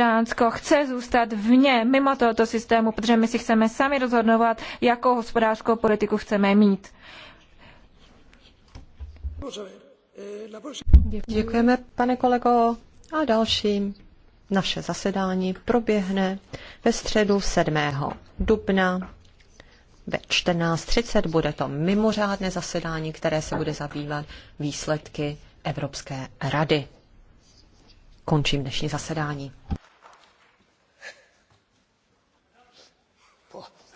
Dánsko chce zůstat vně, mimo tohoto systému, protože my si chceme sami rozhodovat, jakou hospodářskou politiku chceme mít. Děkujeme, pane kolego. A další. naše zasedání proběhne ve středu 7. dubna ve 14.30. Bude to mimořádné zasedání, které se bude zabývat výsledky Evropské rady. Končím dnešní zasedání. Boah.